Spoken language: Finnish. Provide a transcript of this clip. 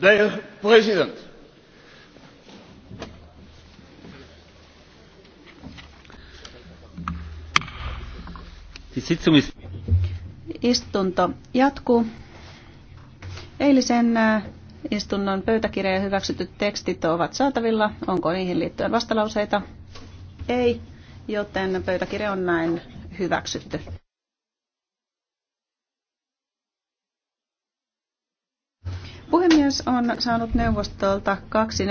Dear President, Istunto jatkuu. Eilisen äh, istunnon pöytäkirja ja hyväksytyt tekstit ovat saatavilla. Onko niihin liittyen vastalauseita? Ei, joten pöytäkirja on näin hyväksytty. Puhemies on saanut neuvostolta kaksi